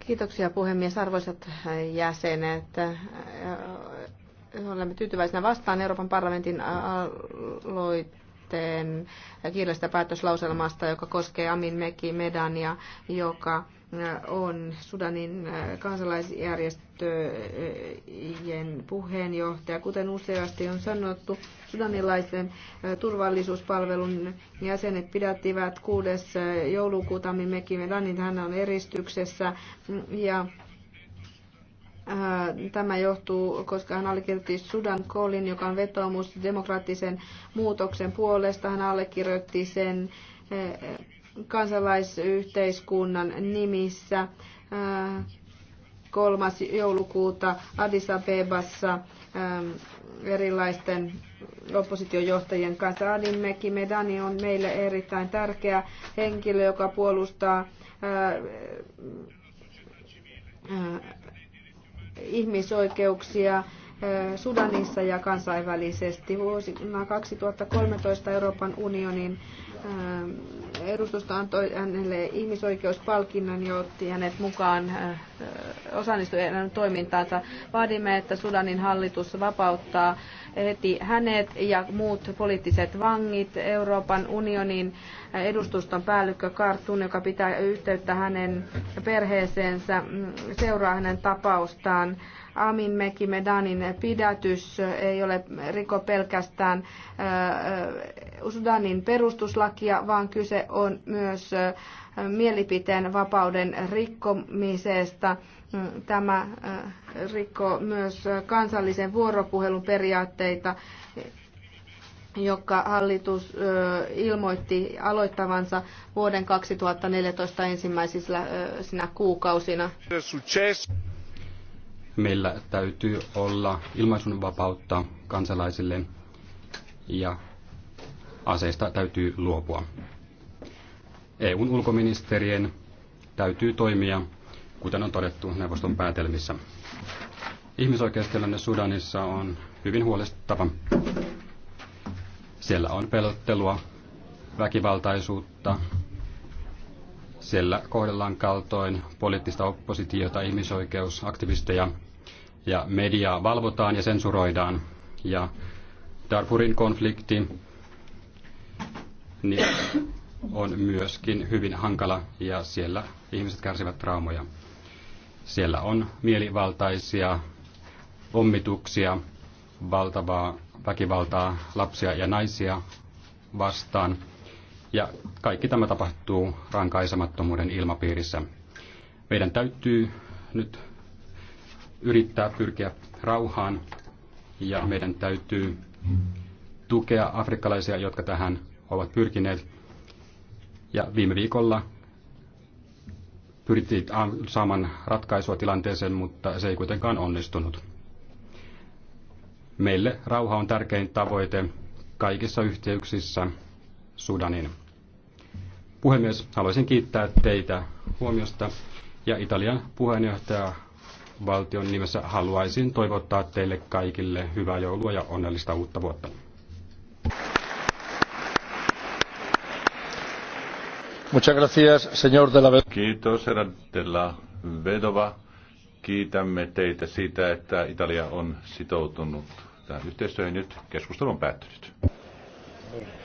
Kiitoksia puhemies, arvoisat jäsenet. Olemme tyytyväisinä vastaan Euroopan parlamentin aloitteeseen kahteen kiireellisestä päätöslauselmasta, joka koskee Amin Meki Medania, joka äh, on Sudanin äh, kansalaisjärjestöjen puheenjohtaja. Kuten useasti on sanottu, sudanilaisen äh, turvallisuuspalvelun jäsenet pidättivät 6. joulukuuta Mimeki Medanin. Hän on eristyksessä mm, ja Tämä johtuu, koska hän allekirjoitti Sudan Kolin, joka on vetoomus demokraattisen muutoksen puolesta. Hän allekirjoitti sen kansalaisyhteiskunnan nimissä 3. joulukuuta Addis Abebassa erilaisten oppositiojohtajien kanssa. Adin Meki Medani on meille erittäin tärkeä henkilö, joka puolustaa ihmisoikeuksia Sudanissa ja kansainvälisesti. Vuosina 2013 Euroopan unionin edustusta antoi hänelle ihmisoikeuspalkinnon ja otti hänet mukaan osallistujien toimintaansa. Vaadimme, että Sudanin hallitus vapauttaa heti hänet ja muut poliittiset vangit Euroopan unionin edustuston päällikkö Kartun, joka pitää yhteyttä hänen perheeseensä, mm, seuraa hänen tapaustaan. Amin Meki Medanin pidätys ei ole riko pelkästään Sudanin perustuslakia, vaan kyse on myös mielipiteen vapauden rikkomisesta Tämä äh, rikkoo myös kansallisen vuoropuhelun periaatteita, joka hallitus äh, ilmoitti aloittavansa vuoden 2014 ensimmäisinä äh, kuukausina. Meillä täytyy olla ilmaisunvapautta kansalaisille ja aseista täytyy luopua. EUn ulkoministerien täytyy toimia kuten on todettu neuvoston päätelmissä. Ihmisoikeustilanne Sudanissa on hyvin huolestava. Siellä on pelottelua, väkivaltaisuutta, siellä kohdellaan kaltoin poliittista oppositiota, ihmisoikeusaktivisteja ja mediaa valvotaan ja sensuroidaan. Ja Darfurin konflikti niin on myöskin hyvin hankala ja siellä ihmiset kärsivät traumoja. Siellä on mielivaltaisia ommituksia, valtavaa väkivaltaa lapsia ja naisia vastaan. Ja kaikki tämä tapahtuu rankaisemattomuuden ilmapiirissä. Meidän täytyy nyt yrittää pyrkiä rauhaan ja meidän täytyy tukea afrikkalaisia, jotka tähän ovat pyrkineet. Ja viime viikolla yritti saamaan ratkaisua tilanteeseen, mutta se ei kuitenkaan onnistunut. Meille rauha on tärkein tavoite kaikissa yhteyksissä Sudanin. Puhemies, haluaisin kiittää teitä huomiosta ja Italian puheenjohtaja valtion nimessä haluaisin toivottaa teille kaikille hyvää joulua ja onnellista uutta vuotta. Kiitos, herra Della la Vedova. Kiitämme teitä siitä, että Italia on sitoutunut tähän yhteistyöhön. Nyt keskustelu on päättynyt.